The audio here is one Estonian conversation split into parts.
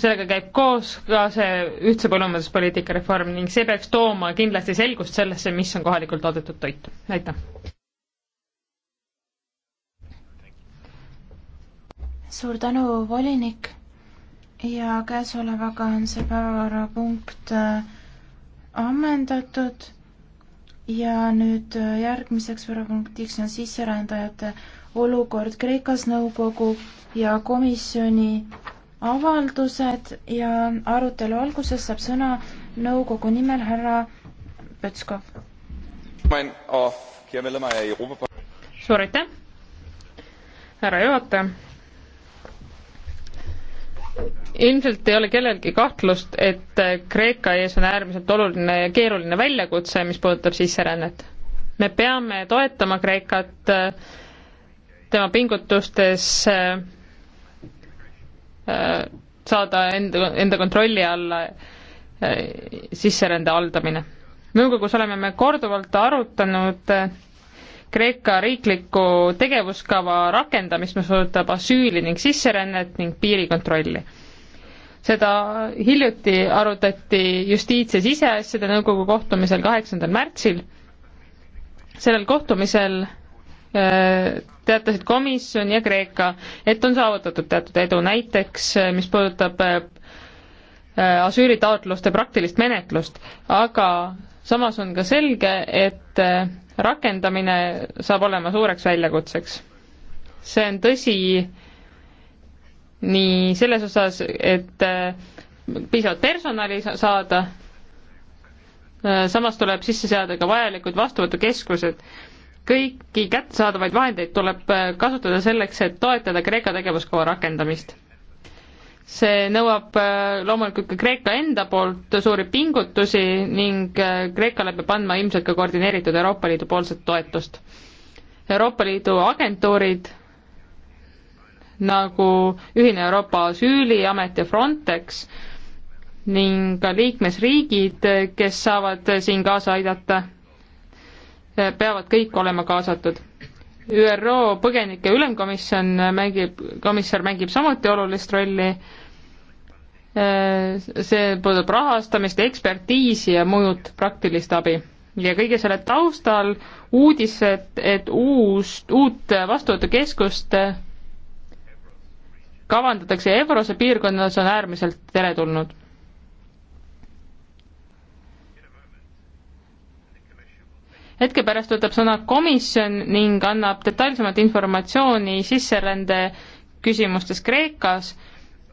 sellega käib koos ka see ühtse põllumajanduspoliitika reform ning see peaks tooma kindlasti selgust sellesse, mis on kohalikult toodetud toit. aitäh! suur tänu, volinik! ja käesolevaga on see päevakorrapunkt äh, ammendatud ja nüüd äh, järgmiseks päevakorrapunktiks on sisserändajate olukord Kreekas nõukogu ja komisjoni avaldused ja arutelu alguses saab sõna nõukogu nimel härra Pötskov. suur aitäh, härra juhataja. ilmselt ei ole kellelgi kahtlust, et Kreeka ees on äärmiselt oluline ja keeruline väljakutse, mis puudutab sisserännet. me peame toetama Kreekat tema pingutustes äh, saada enda, enda kontrolli alla äh, sisserände haldamine. nõukogus oleme me korduvalt arutanud äh, Kreeka riikliku tegevuskava rakendamist, mis puudutab asüüli ning sisserännet ning piirikontrolli. seda hiljuti arutati Justiits- ja Siseasjade Nõukogu kohtumisel kaheksandal märtsil. sellel kohtumisel teatasid komisjon ja Kreeka, et on saavutatud teatud edu, näiteks eh, mis puudutab eh, eh, asüülitaotluste praktilist menetlust, aga samas on ka selge, et rakendamine saab olema suureks väljakutseks. see on tõsi nii selles osas, et piisavalt personali saada, samas tuleb sisse seada ka vajalikud vastuvõtukeskused kõiki kättesaadavaid vahendeid tuleb äh, kasutada selleks, et toetada Kreeka tegevuskava rakendamist. see nõuab äh, loomulikult ka Kreeka enda poolt suuri pingutusi ning äh, Kreekale peab andma ilmselt ka koordineeritud Euroopa Liidu poolset toetust. Euroopa Liidu agentuurid nagu Ühine Euroopa Asüüliamet ja Frontex ning ka liikmesriigid, kes saavad siin kaasa aidata peavad kõik olema kaasatud. ÜRO põgenike ülemkomisjon mängib, komissar mängib samuti olulist rolli, äh, see puudutab rahastamist, ekspertiisi ja muud praktilist abi. ja kõige selle taustal uudised, et uus, uut vastuvõtukeskust kavandatakse Evrose piirkonnas, on äärmiselt teretulnud hetke pärast võtab sõna komisjon ning annab detailsemat informatsiooni sisserände küsimustes Kreekas,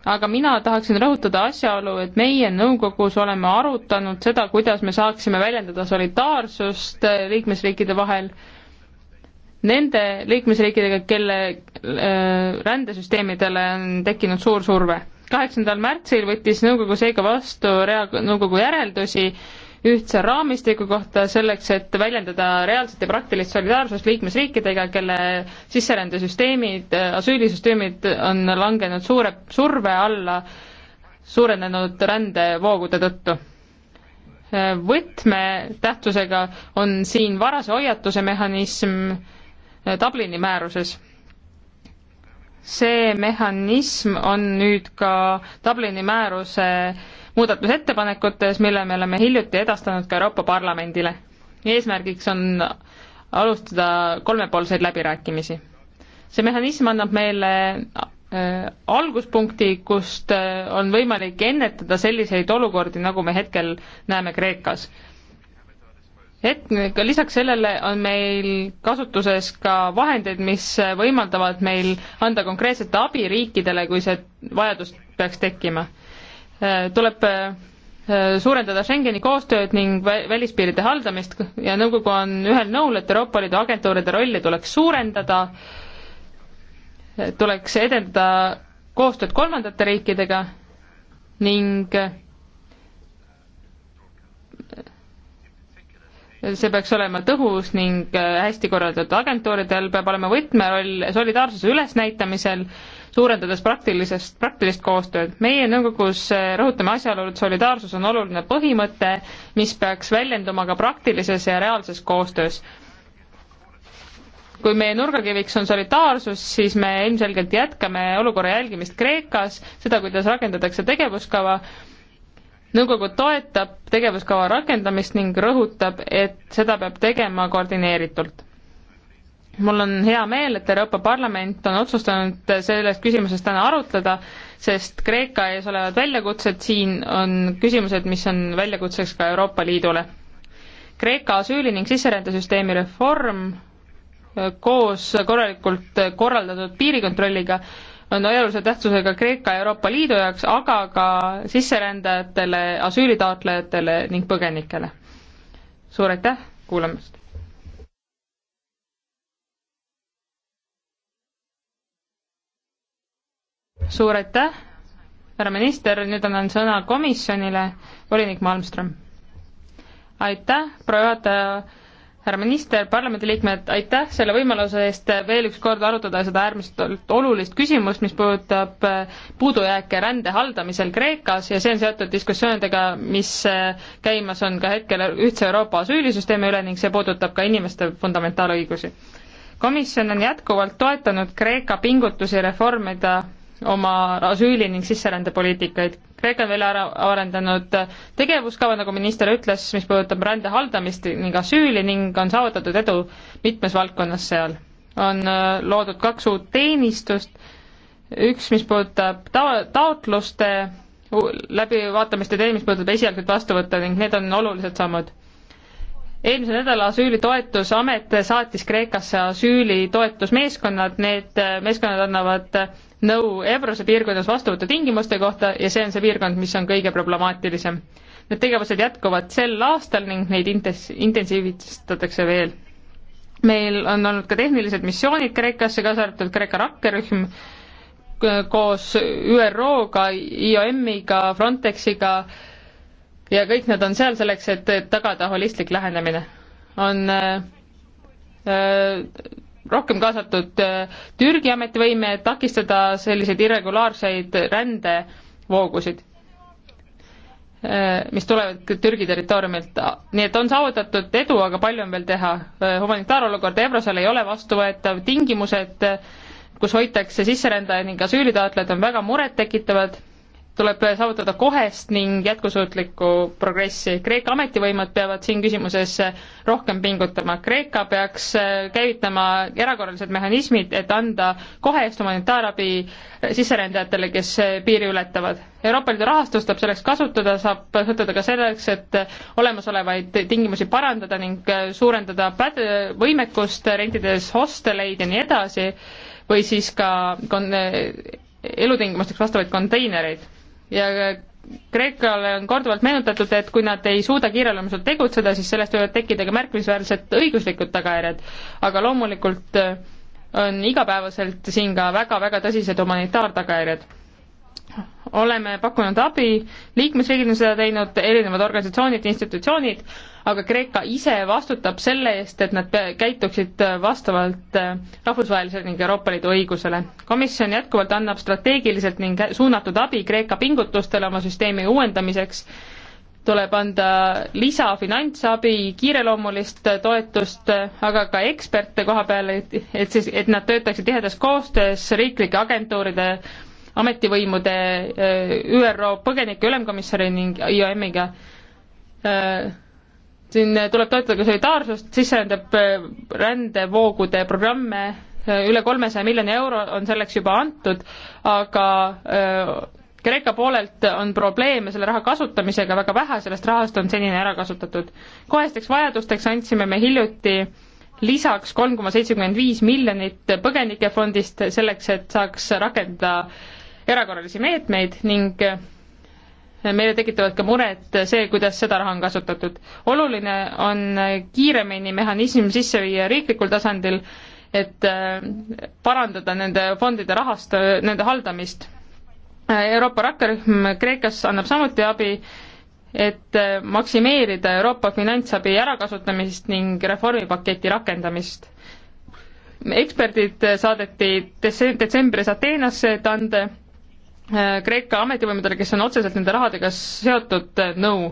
aga mina tahaksin rõhutada asjaolu, et meie nõukogus oleme arutanud seda, kuidas me saaksime väljendada solidaarsust liikmesriikide vahel nende liikmesriikidega, kelle äh, rändesüsteemidele on tekkinud suur surve. kaheksandal märtsil võttis nõukogu seega vastu rea-, nõukogu järeldusi äh, ühtse raamistiku kohta selleks, et väljendada reaalset ja praktilist solidaarsust liikmesriikidega, kelle sisserändesüsteemid, asüülisüsteemid on langenud suure surve alla suurenenud rändevoogude tõttu. võtmetähtsusega on siin varase hoiatuse mehhanism Dublini määruses see mehhanism on nüüd ka Dublini määruse muudatusettepanekutes, mille me oleme hiljuti edastanud ka Euroopa Parlamendile. eesmärgiks on alustada kolmepoolseid läbirääkimisi. see mehhanism annab meile äh, alguspunkti, kust äh, on võimalik ennetada selliseid olukordi, nagu me hetkel näeme Kreekas. et lisaks sellele on meil kasutuses ka vahendeid, mis võimaldavad meil anda konkreetset abi riikidele, kui see vajadus peaks tekkima Äh, tuleb äh, suurendada Schengeni koostööd ning välispiiride haldamist ja nõukogu on ühel nõul, et Euroopa Liidu agentuuride rolli tuleks suurendada, tuleks edendada koostööd kolmandate riikidega ning see peaks olema tõhus ning äh, hästi korraldatud agentuuridel peab olema võtmeroll solidaarsuse ülesnäitamisel suurendades praktilisest, praktilist koostööd. meie nõukogus eh, rõhutame asjaolu, et solidaarsus on oluline põhimõte, mis peaks väljenduma ka praktilises ja reaalses koostöös. kui meie nurgakiviks on solidaarsus, siis me ilmselgelt jätkame olukorra jälgimist Kreekas, seda, kuidas rakendatakse tegevuskava, nõukogu toetab tegevuskava rakendamist ning rõhutab, et seda peab tegema koordineeritult mul on hea meel, et Euroopa Parlament on otsustanud selles küsimuses täna arutleda, sest Kreeka ees olevad väljakutsed siin on küsimused, mis on väljakutseks ka Euroopa Liidule. Kreeka asüüli ning sisserändesüsteemi reform koos korralikult korraldatud piirikontrolliga on olulise tähtsusega Kreeka ja Euroopa Liidu jaoks, aga ka sisserändajatele, asüülitaotlejatele ning põgenikele. suur aitäh kuulamast! suur aitäh, härra minister, nüüd annan sõna komisjonile, volinik Malmström. aitäh, proua juhataja, härra minister, parlamendiliikmed, aitäh selle võimaluse eest veel üks kord arutada seda äärmiselt olulist küsimust, mis puudutab äh, puudujääke rände haldamisel Kreekas ja see on seotud diskussioonidega, mis äh, käimas on ka hetkel ühtse Euroopa asüülisüsteemi üle ning see puudutab ka inimeste fundamentaalõigusi komisjon on jätkuvalt toetanud Kreeka pingutusi reformida oma asüüli ning sisserändepoliitikaid. Kreeka on välja arendanud tegevuskava, nagu minister ütles, mis puudutab rände haldamist ning asüüli ning on saavutatud edu mitmes valdkonnas seal. on äh, loodud kaks uut teenistust, üks, mis puudutab ta-, taotluste läbivaatamist ja teine, mis puudutab esialgset vastuvõttu ning need on olulised sammud eelmise nädala asüülitoetusamet saatis Kreekasse asüülitoetusmeeskonnad, need meeskonnad annavad nõu Ebrose piirkonnas vastuvõtutingimuste kohta ja see on see piirkond, mis on kõige problemaatilisem. Need tegevused jätkuvad sel aastal ning neid intes-, intensiivistatakse veel. meil on olnud ka tehnilised missioonid Kreekasse, kaasa arvatud Kreeka rakkerühm, koos ÜRO-ga, IOM-iga, Frontexiga ja kõik nad on seal selleks, et tagada holistlik lähenemine. on äh, äh rohkem kaasatud äh, Türgi ametivõime, et takistada selliseid irregulaarseid rändevoogusid, äh, mis tulevad Türgi territooriumilt. nii et on saavutatud edu, aga palju on veel teha. Äh, humanitaarolukord Evrosel ei ole vastuvõetav, tingimused, kus hoitakse sisserändajaid ning asüülitaotlejad, on väga murettekitavad tuleb saavutada kohest ning jätkusuutlikku progressi. Kreeka ametivõimud peavad siin küsimuses rohkem pingutama. Kreeka peaks käivitama erakorralised mehhanismid, et anda kohest humanitaarabi sisserändajatele, kes piiri ületavad. Euroopa Liidu rahastust saab selleks kasutada, saab kasutada ka selleks, et olemasolevaid tingimusi parandada ning suurendada päde-, võimekust, rentides hosteleid ja nii edasi, või siis ka kon-, elutingimusteks vastavaid konteinereid ja Kreekale on korduvalt meenutatud, et kui nad ei suuda kiireloomuliselt tegutseda, siis sellest võivad tekkida ka märkimisväärsed õiguslikud tagajärjed. aga loomulikult äh, on igapäevaselt siin ka väga-väga tõsised humanitaartagajärjed oleme pakkunud abi, liikmesriigid on seda teinud, erinevad organisatsioonid, institutsioonid, aga Kreeka ise vastutab selle eest, et nad käituksid vastavalt äh, rahvusvahelisele ning Euroopa Liidu õigusele. komisjon jätkuvalt annab strateegiliselt ning suunatud abi Kreeka pingutustele oma süsteemi uuendamiseks, tuleb anda lisafinantsabi, kiireloomulist toetust, aga ka eksperte koha peal, et, et siis, et nad töötaksid tihedas koostöös riiklike agentuuride ametivõimude, eh, ÜRO põgenike ülemkomissari ning IOM-iga. Eh, siin tuleb toetada ka solidaarsust, sisserändab eh, rändevoogude programme, üle kolmesaja miljoni euro on selleks juba antud, aga Kreeka poolelt on probleeme selle raha kasutamisega väga vähe, sellest rahast on senini ära kasutatud. kohesteks vajadusteks andsime me hiljuti lisaks kolm koma seitsekümmend viis miljonit põgenikefondist selleks, et saaks rakendada erakorralisi meetmeid ning äh, meile tekitavad ka muret see, kuidas seda raha on kasutatud. oluline on äh, kiiremini mehhanism sisse viia riiklikul tasandil, et äh, parandada nende fondide rahast-, nende haldamist. Euroopa rakkerühm Kreekas annab samuti abi, et maksimeerida Euroopa finantsabi ärakasutamist ning reformipaketi rakendamist. eksperdid saadeti detsembris Ateenasse, et anda Äh, Kreeka ametivõimudele, kes on otseselt nende rahadega seotud, äh, nõu no..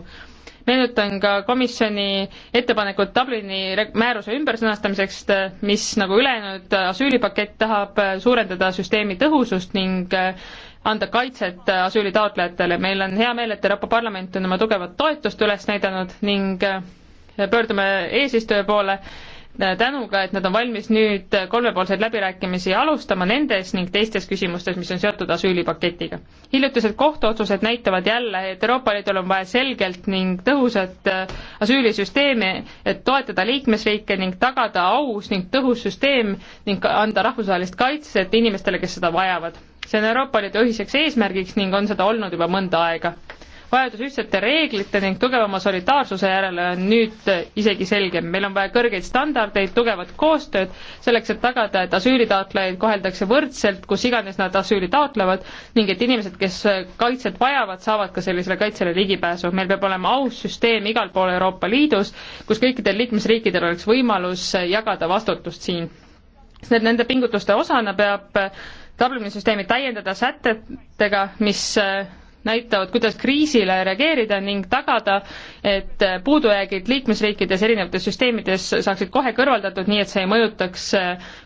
meenutan ka komisjoni ettepanekut Dublini määruse ümbersõnastamiseks, äh, mis nagu ülejäänud asüülipakett tahab suurendada süsteemi tõhusust ning anda kaitset asüülitaotlejatele. meil on hea meel, et Euroopa Parlament on oma tugevat toetust üles näidanud ning pöördume eesistuja poole tänuga, et nad on valmis nüüd kolmepoolseid läbirääkimisi alustama nendes ning teistes küsimustes, mis on seotud asüülipaketiga. hiljutised kohtuotsused näitavad jälle, et Euroopa Liidul on vaja selgelt ning tõhusat äh, asüülisüsteemi, et toetada liikmesriike ning tagada aus ning tõhus süsteem ning anda rahvusvahelist kaitset inimestele, kes seda vajavad. see on Euroopa Liidu ühiseks eesmärgiks ning on seda olnud juba mõnda aega vajadus ühtsete reeglite ning tugevama solidaarsuse järele on nüüd isegi selgem. meil on vaja kõrgeid standardeid, tugevat koostööd selleks, et tagada, et asüülitaotlejaid koheldakse võrdselt, kus iganes nad asüüli taotlevad ning et inimesed, kes kaitset vajavad, saavad ka sellisele kaitsele ligipääsu. meil peab olema aus süsteem igal pool Euroopa Liidus, kus kõikidel liikmesriikidel oleks võimalus jagada vastutust siin. Nende pingutuste osana peab Dublini süsteemi täiendada sätetega, mis näitavad, kuidas kriisile reageerida ning tagada, et puudujäägid liikmesriikides erinevates süsteemides saaksid kohe kõrvaldatud, nii et see ei mõjutaks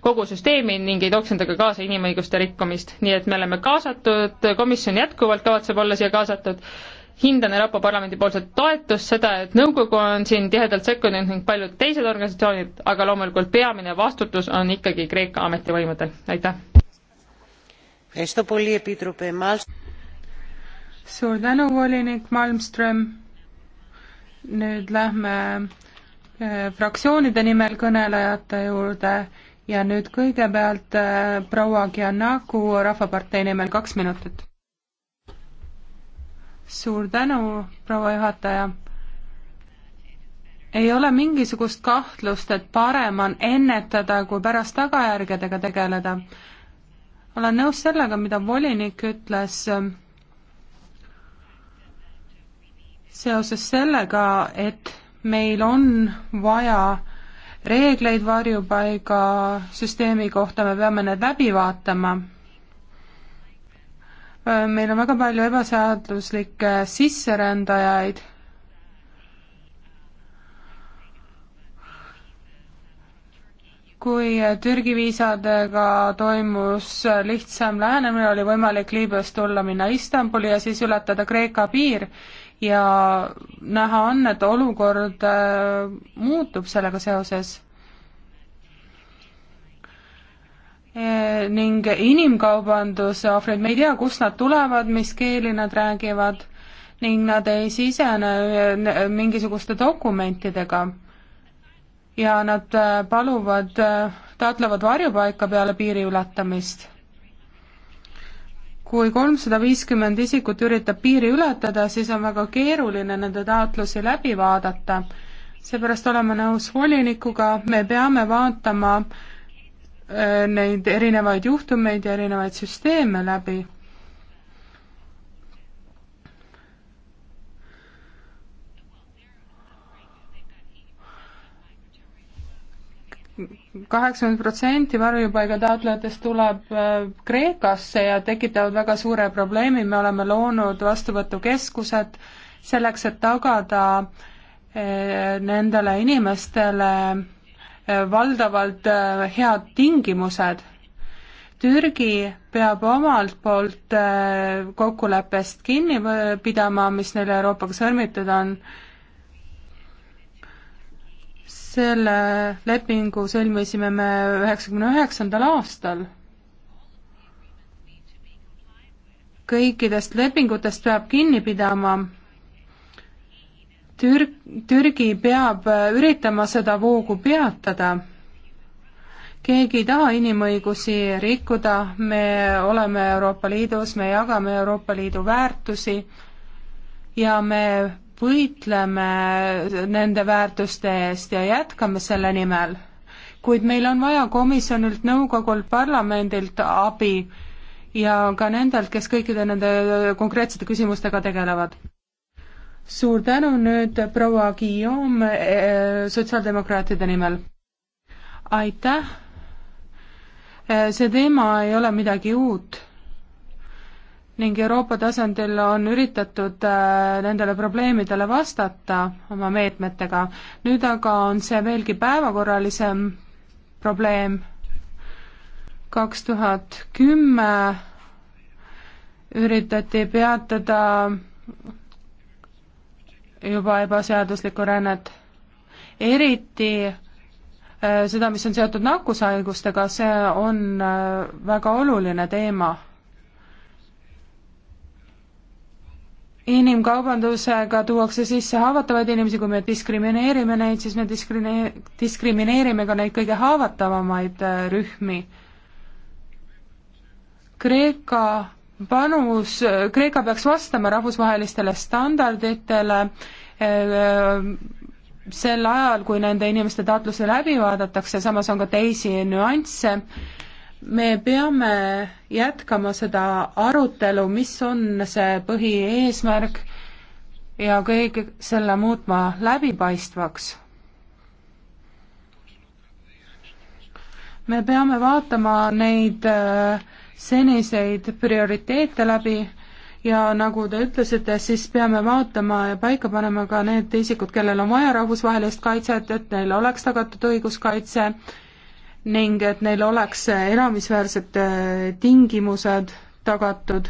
kogu süsteemi ning ei tooks endaga kaasa inimõiguste rikkumist. nii et me oleme kaasatud, komisjon jätkuvalt kavatseb olla siia kaasatud, hindan Euroopa Parlamendi poolset toetust, seda, et nõukogu on siin tihedalt sekkunud ning paljud teised organisatsioonid, aga loomulikult peamine vastutus on ikkagi Kreeka ametivõimudel, aitäh! suur tänu, volinik Malmström. nüüd lähme äh, fraktsioonide nimel kõnelejate juurde ja nüüd kõigepealt äh, proua Giannaku Rahvapartei nimel kaks minutit. suur tänu, proua juhataja ei ole mingisugust kahtlust, et parem on ennetada, kui pärast tagajärgedega tegeleda. olen nõus sellega, mida volinik ütles seoses sellega, et meil on vaja reegleid varjupaigasüsteemi kohta, me peame need läbi vaatama. meil on väga palju ebaseaduslikke sisserändajaid kui Türgi viisadega toimus lihtsam lähenemine, oli võimalik Liibüast tulla, minna Istanbuli ja siis ületada Kreeka piir, ja näha on, et olukord äh, muutub sellega seoses e, ning inimkaubanduse ohvrid, me ei tea, kust nad tulevad, mis keeli nad räägivad ning nad ei sisene e, mingisuguste dokumentidega. ja nad äh, paluvad, äh, taotlevad varjupaika peale piiri ületamist kui kolmsada viiskümmend isikut üritab piiri ületada, siis on väga keeruline nende taotlusi läbi vaadata. seepärast oleme nõus volinikuga, me peame vaatama äh, neid erinevaid juhtumeid ja erinevaid süsteeme läbi kaheksakümmend protsenti varjupaiga taotlejatest tuleb äh, Kreekasse ja tekitavad väga suure probleemi, me oleme loonud vastuvõtukeskused selleks, et tagada äh, nendele inimestele äh, valdavalt head tingimused. Türgi peab omalt poolt kokkuleppest kinni pidama, mis neil Euroopaga sõlmitud on selle lepingu sõlmisime me üheksakümne üheksandal aastal. kõikidest lepingutest peab kinni pidama. Türg-, Türgi peab üritama seda voogu peatada. keegi ei taha inimõigusi rikkuda, me oleme Euroopa Liidus, me jagame Euroopa Liidu väärtusi ja me võitleme nende väärtuste eest ja jätkame selle nimel, kuid meil on vaja komisjonilt, nõukogult, parlamendilt abi ja ka nendelt, kes kõikide nende konkreetsete küsimustega tegelevad. suur tänu nüüd proua Guillaume eh, sotsiaaldemokraatide nimel. aitäh, eh, see teema ei ole midagi uut ning Euroopa tasandil on üritatud äh, nendele probleemidele vastata oma meetmetega. nüüd aga on see veelgi päevakorralisem probleem. kaks tuhat kümme üritati peatada juba ebaseaduslikku rännet, eriti äh, seda, mis on seotud nakkushaigustega, see on äh, väga oluline teema inimkaubandusega tuuakse sisse haavatavaid inimesi, kui me diskrimineerime neid, siis me diskrimineer-, diskrimineerime ka neid kõige haavatavamaid äh, rühmi. Kreeka panus, Kreeka peaks vastama rahvusvahelistele standarditele äh, äh, sel ajal, kui nende inimeste taotlusi läbi vaadatakse, samas on ka teisi nüansse, me peame jätkama seda arutelu, mis on see põhieesmärk ja kõik selle muutma läbipaistvaks. me peame vaatama neid äh, seniseid prioriteete läbi ja nagu te ütlesite, siis peame vaatama ja paika panema ka need isikud, kellel on vaja rahvusvahelist kaitset, et neil oleks tagatud õiguskaitse ning et neil oleks elamisväärsed äh, tingimused tagatud.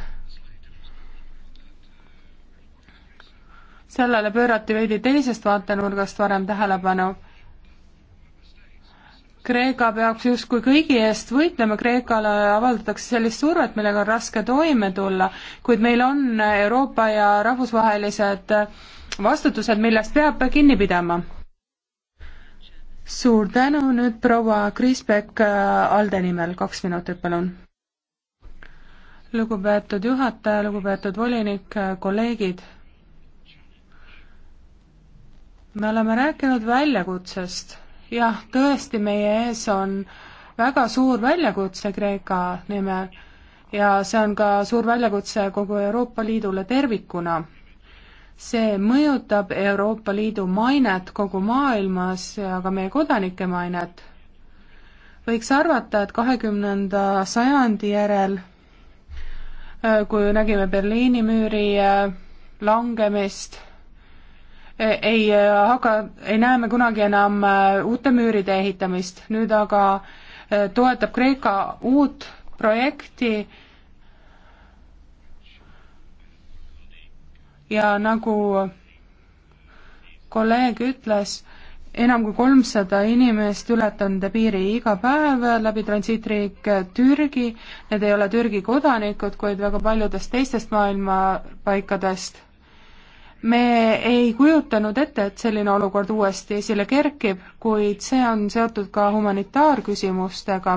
sellele pöörati veidi teisest vaatenurgast varem tähelepanu. Kreeka peaks justkui kõigi eest võitlema, Kreekale avaldatakse sellist survet, millega on raske toime tulla, kuid meil on Euroopa ja rahvusvahelised äh, vastutused, millest peab kinni pidama suur tänu, nüüd proua Kriisbek äh, ALDE nimel, kaks minutit, palun. lugupeetud juhataja, lugupeetud volinik, äh, kolleegid. me oleme rääkinud väljakutsest. jah, tõesti, meie ees on väga suur väljakutse Kreeka nimel ja see on ka suur väljakutse kogu Euroopa Liidule tervikuna see mõjutab Euroopa Liidu mainet kogu maailmas ja ka meie kodanike mainet. võiks arvata, et kahekümnenda sajandi järel, äh, kui nägime Berliini müüri äh, langemist, äh, ei hakka, ei näe me kunagi enam uute müüride ehitamist, nüüd aga toetab Kreeka uut projekti, ja nagu kolleeg ütles, enam kui kolmsada inimest ületanud piiri iga päev läbi transiitriik Türgi, need ei ole Türgi kodanikud, kuid väga paljudest teistest maailma paikadest. me ei kujutanud ette, et selline olukord uuesti esile kerkib, kuid see on seotud ka humanitaarküsimustega.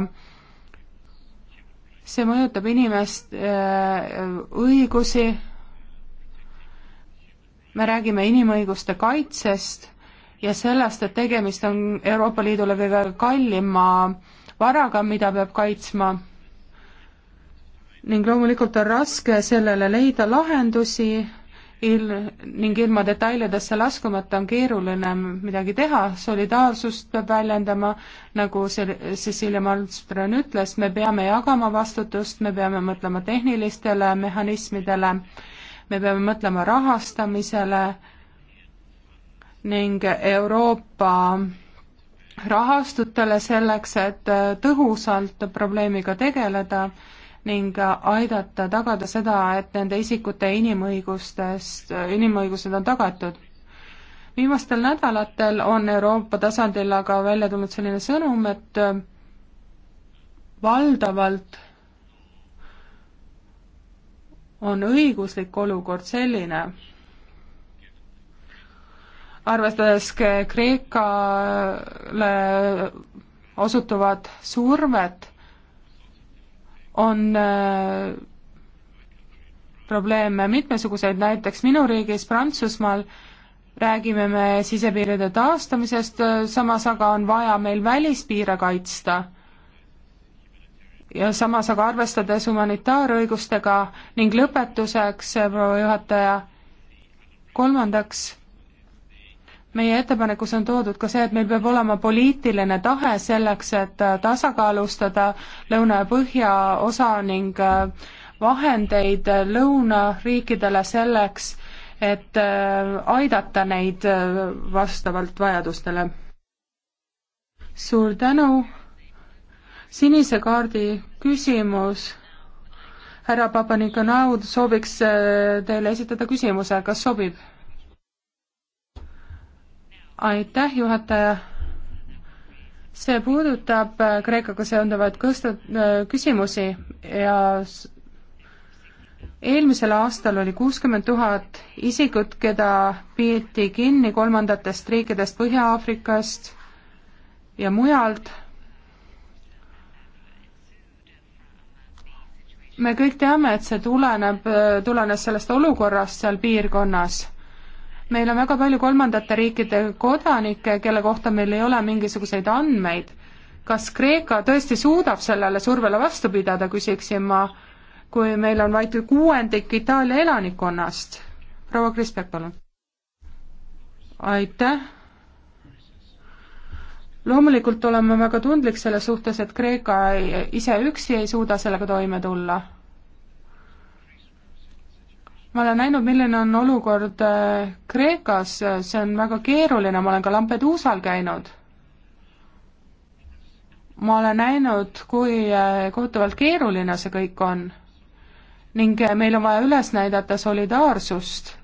see mõjutab inimest öö, äh, õigusi me räägime inimõiguste kaitsest ja sellest, et tegemist on Euroopa Liidule kõige kallima varaga, mida peab kaitsma. ning loomulikult on raske sellele leida lahendusi il-, ning ilma detailidesse laskumata on keeruline midagi teha, solidaarsust peab väljendama, nagu see Cecilia Malmström ütles, me peame jagama vastutust, me peame mõtlema tehnilistele mehhanismidele me peame mõtlema rahastamisele ning Euroopa rahastutele selleks, et äh, tõhusalt probleemiga tegeleda ning aidata tagada seda, et nende isikute inimõigustest, äh, inimõigused on tagatud. viimastel nädalatel on Euroopa tasandil aga välja tulnud selline sõnum, et äh, valdavalt on õiguslik olukord selline, arvestades Kreekale osutuvat survet, on äh, probleeme mitmesuguseid, näiteks minu riigis Prantsusmaal räägime me sisepiiride taastamisest, äh, samas aga on vaja meil välispiire kaitsta ja samas aga arvestades humanitaarõigustega ning lõpetuseks, proua juhataja, kolmandaks, meie ettepanekus on toodud ka see, et meil peab olema poliitiline tahe selleks, et tasakaalustada lõuna ja põhja osa ning äh, vahendeid lõunariikidele selleks, et äh, aidata neid äh, vastavalt vajadustele. suur tänu! sinise kaardi küsimus. härra Papanikonaud sooviks äh, teile esitada küsimuse, kas sobib? aitäh, juhataja. see puudutab äh, Kreekaga seonduvaid kõsta-, äh, küsimusi ja eelmisel aastal oli kuuskümmend tuhat isikut, keda peeti kinni kolmandatest riikidest Põhja-Aafrikast ja mujalt me kõik teame, et see tuleneb, tulenes sellest olukorrast seal piirkonnas. meil on väga palju kolmandate riikide kodanikke, kelle kohta meil ei ole mingisuguseid andmeid. kas Kreeka tõesti suudab sellele survele vastu pidada, küsiksin ma, kui meil on vaid kuuendik Itaalia elanikkonnast? proua Krispek, palun. aitäh loomulikult oleme väga tundlik selle suhtes, et Kreeka ise üksi ei suuda sellega toime tulla. ma olen näinud, milline on olukord äh, Kreekas, see on väga keeruline, ma olen ka Lampeduusal käinud. ma olen näinud, kui äh, kohutavalt keeruline see kõik on. ning äh, meil on vaja üles näidata solidaarsust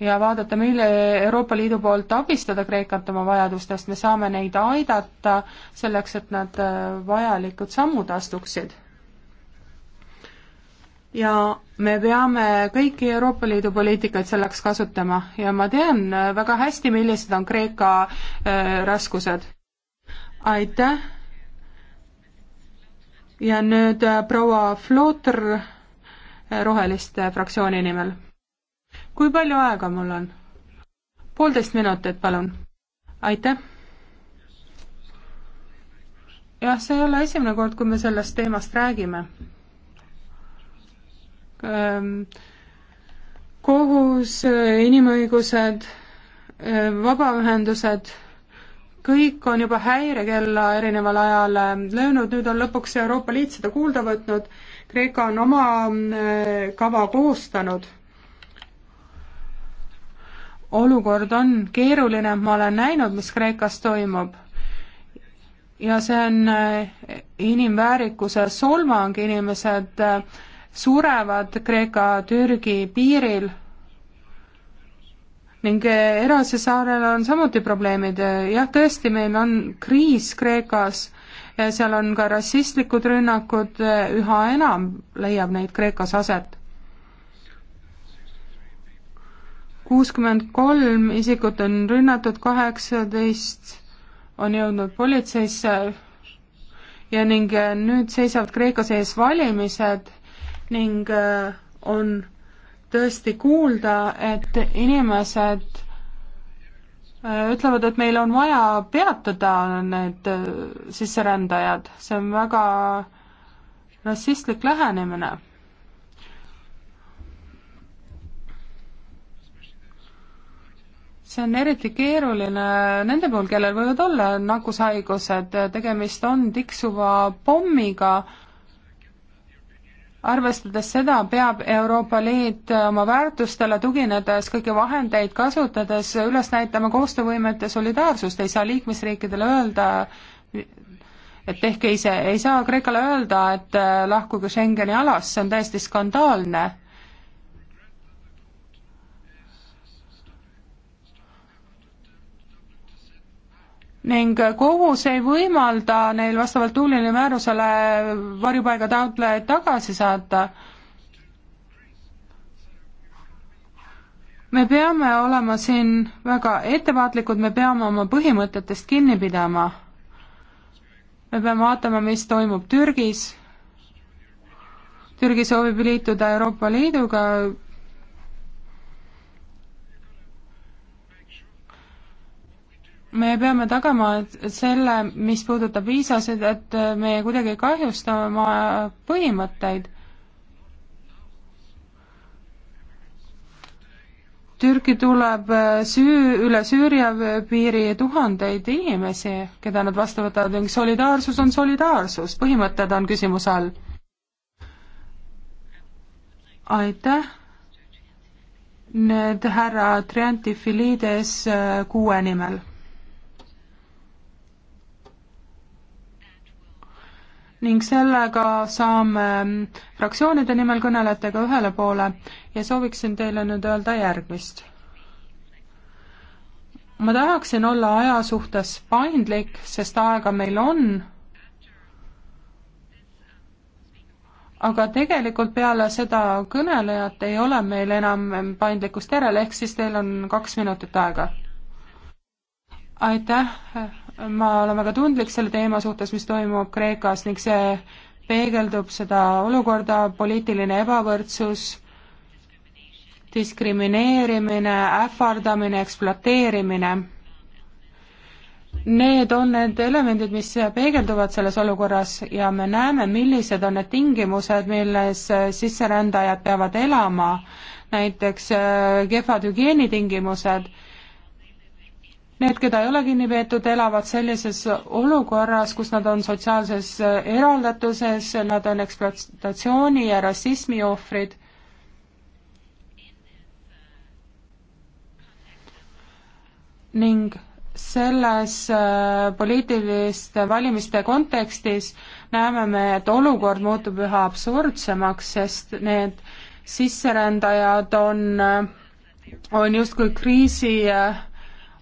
ja vaadata, mille Euroopa Liidu poolt abistada Kreekat oma vajadustest, me saame neid aidata selleks, et nad äh, vajalikud sammud astuksid. ja me peame kõiki Euroopa Liidu poliitikaid selleks kasutama ja ma tean äh, väga hästi, millised on Kreeka äh, raskused. aitäh! ja nüüd äh, proua Flooter roheliste fraktsiooni nimel kui palju aega mul on? poolteist minutit, palun. aitäh. jah, see ei ole esimene kord, kui me sellest teemast räägime. Ehm, kohus, inimõigused, ehm, vabaühendused, kõik on juba häirekella erineval ajal ehm, löönud, nüüd on lõpuks Euroopa Liit seda kuulda võtnud, Kreeka on oma kava koostanud olukord on keeruline, ma olen näinud, mis Kreekas toimub. ja see on äh, inimväärikuse solvang, inimesed äh, surevad Kreeka-Türgi piiril ning äh, Erase saarel on samuti probleemid, jah, tõesti, meil on kriis Kreekas, seal on ka rassistlikud rünnakud, üha enam leiab neid Kreekas aset kuuskümmend kolm isikut on rünnatud, kaheksateist on jõudnud politseisse ja ning äh, nüüd seisavad Kreekas ees valimised ning äh, on tõesti kuulda, et inimesed äh, ütlevad, et meil on vaja peatada need sisserändajad, see on väga rassistlik lähenemine see on eriti keeruline nende puhul, kellel võivad olla nakkushaigused, tegemist on tiksuva pommiga, arvestades seda, peab Euroopa Liit oma väärtustele tuginedes, kõiki vahendeid kasutades üles näitama koostöövõimet ja solidaarsust, ei saa liikmesriikidele öelda, et tehke ise, ei saa Kreekale öelda, et lahkuge Schengeni alast, see on täiesti skandaalne ning kohus ei võimalda neil vastavalt Dublini määrusele varjupaiga taotlejaid tagasi saata. me peame olema siin väga ettevaatlikud, me peame oma põhimõtetest kinni pidama. me peame vaatama, mis toimub Türgis. Türgi soovib liituda Euroopa Liiduga, me peame tagama, et selle, mis puudutab viisasid, et me kuidagi ei kahjusta oma põhimõtteid Türki tuleb äh, süü, üle Süüria piiri tuhandeid inimesi, keda nad vastu võtavad ning solidaarsus on solidaarsus, põhimõtted on küsimuse all. aitäh. nüüd härra Triantifilides äh, kuue nimel ning sellega saame fraktsioonide nimel kõnelejatega ühele poole ja sooviksin teile nüüd öelda järgmist. ma tahaksin olla aja suhtes paindlik, sest aega meil on, aga tegelikult peale seda kõnelejat ei ole meil enam paindlikkust järel, ehk siis teil on kaks minutit aega. aitäh ma olen väga tundlik selle teema suhtes, mis toimub Kreekas ning see peegeldub seda olukorda, poliitiline ebavõrdsus, diskrimineerimine, ähvardamine, ekspluateerimine. Need on need elemendid, mis peegelduvad selles olukorras ja me näeme, millised on need tingimused, milles sisserändajad peavad elama, näiteks eh, kehvad hügieenitingimused Need, keda ei ole kinni peetud, elavad sellises olukorras, kus nad on sotsiaalses eraldatuses, nad on ekspluatatsiooni ja rassismi ohvrid. ning selles äh, poliitiliste valimiste kontekstis näeme me, et olukord muutub üha absurdsemaks, sest need sisserändajad on, äh, on justkui kriisi äh,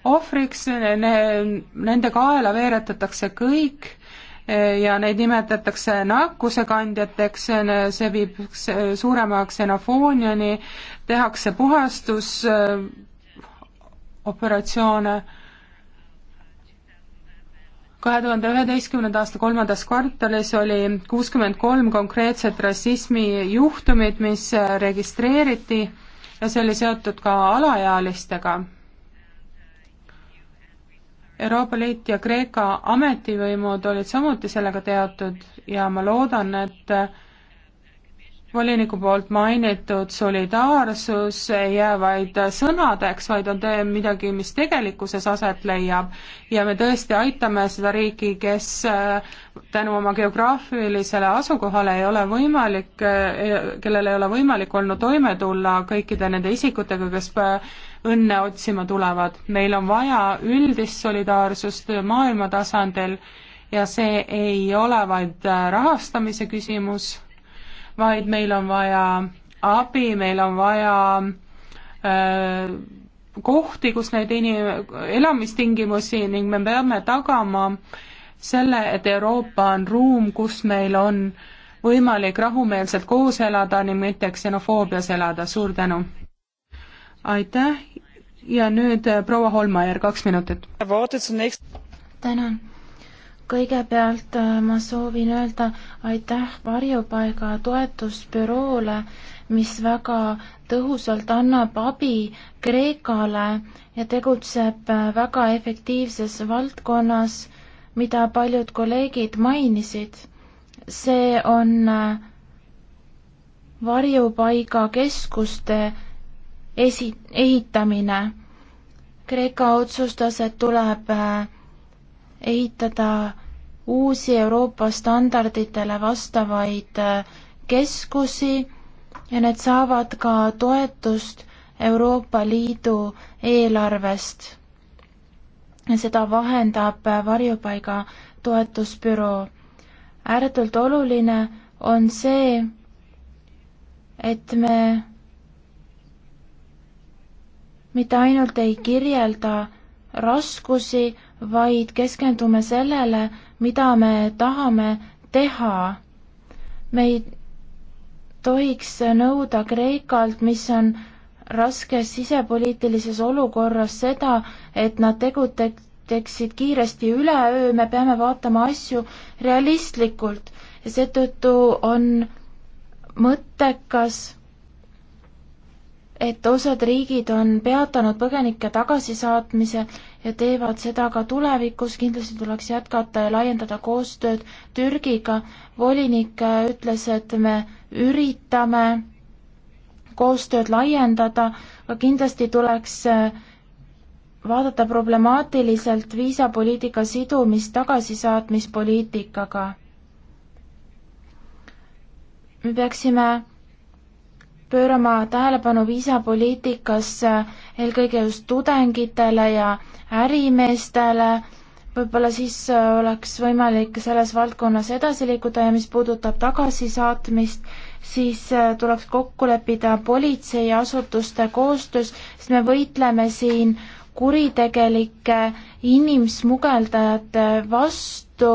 ohvriks, nende kaela veeretatakse kõik eh, ja neid nimetatakse nakkusekandjateks, see viib suurema ksenofooniani, tehakse puhastusoperatsioone, eh, kahe tuhande üheteistkümnenda aasta kolmandas kvartalis oli kuuskümmend kolm konkreetset rassismijuhtumit, mis eh, registreeriti ja see oli seotud ka alaealistega Euroopa Liit ja Kreeka ametivõimud olid samuti sellega teatud ja ma loodan, et voliniku poolt mainitud solidaarsus ei jää vaid sõnadeks, vaid on midagi, mis tegelikkuses aset leiab. ja me tõesti aitame seda riiki, kes äh, tänu oma geograafilisele asukohale ei ole võimalik, äh, kellel ei ole võimalik olnud toime tulla kõikide nende isikutega, kes äh, õnne otsima tulevad. meil on vaja üldist solidaarsust maailma tasandil ja see ei ole vaid äh, rahastamise küsimus, vaid meil on vaja abi, meil on vaja öö, äh, kohti, kus neid inim-, elamistingimusi ning me peame tagama selle, et Euroopa on ruum, kus meil on võimalik rahumeelselt koos elada ning mitte ksenofoobias elada, suur tänu! aitäh ja nüüd äh, proua Holmajärv, kaks minutit. tänan. kõigepealt äh, ma soovin öelda aitäh varjupaiga toetusbüroole, mis väga tõhusalt annab abi Kreekale ja tegutseb äh, väga efektiivses valdkonnas, mida paljud kolleegid mainisid. see on varjupaigakeskuste esi-, ehitamine. Kreeka otsustas, et tuleb äh, ehitada uusi Euroopa standarditele vastavaid äh, keskusi ja need saavad ka toetust Euroopa Liidu eelarvest. seda vahendab äh, varjupaiga toetusbüroo. ääretult oluline on see, et me mitte ainult ei kirjelda raskusi, vaid keskendume sellele, mida me tahame teha. me ei tohiks nõuda Kreekalt, mis on raskes sisepoliitilises olukorras seda, et nad tegutseksid kiiresti üleöö, me peame vaatama asju realistlikult ja seetõttu on mõttekas et osad riigid on peatanud põgenike tagasisaatmise ja teevad seda ka tulevikus, kindlasti tuleks jätkata ja laiendada koostööd Türgiga. volinik ütles, et me üritame koostööd laiendada, aga kindlasti tuleks äh, vaadata problemaatiliselt viisapoliitika sidumist tagasisaatmispoliitikaga. me peaksime pöörama tähelepanu viisapoliitikas eelkõige just tudengitele ja ärimeestele, võib-olla siis äh, oleks võimalik selles valdkonnas edasi liikuda ja mis puudutab tagasisaatmist, siis äh, tuleks kokku leppida politseiasutuste koostöös, sest me võitleme siin kuritegelike inimsmugeldajate vastu,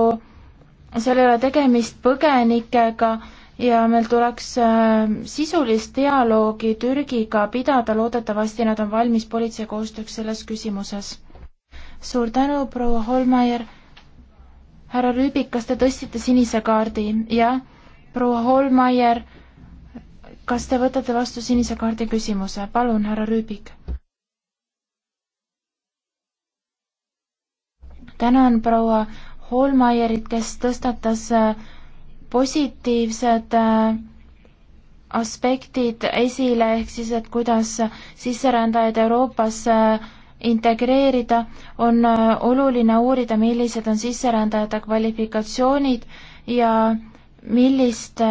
seal ei ole tegemist põgenikega ja meil tuleks äh, sisulist dialoogi Türgiga pidada, loodetavasti nad on valmis politsei koostööks selles küsimuses. suur tänu, proua Holmeier. härra Rüübik, kas te tõstsite sinise kaardi? jah. proua Holmeier, kas te võtate vastu sinise kaardi küsimuse? palun, härra Rüübik. tänan proua Holmeierit, kes tõstatas äh, positiivsed äh, aspektid esile, ehk siis, et kuidas sisserändajaid Euroopas äh, integreerida, on äh, oluline uurida, millised on sisserändajate kvalifikatsioonid ja millist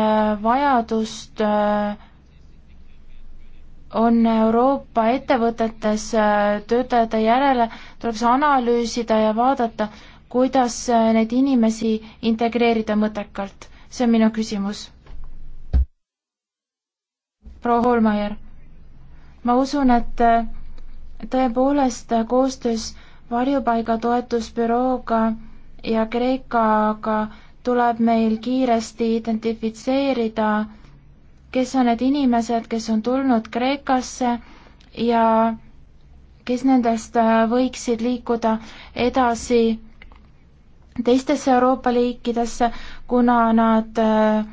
vajadust on Euroopa ettevõtetes töötajate järele, tuleb see analüüsida ja vaadata, kuidas neid inimesi integreerida mõttekalt see on minu küsimus. proua Holmajärv, ma usun, et tõepoolest koostöös varjupaiga toetusbürooga ja Kreekaga tuleb meil kiiresti identifitseerida, kes on need inimesed, kes on tulnud Kreekasse ja kes nendest võiksid liikuda edasi teistesse Euroopa riikidesse, kuna nad äh,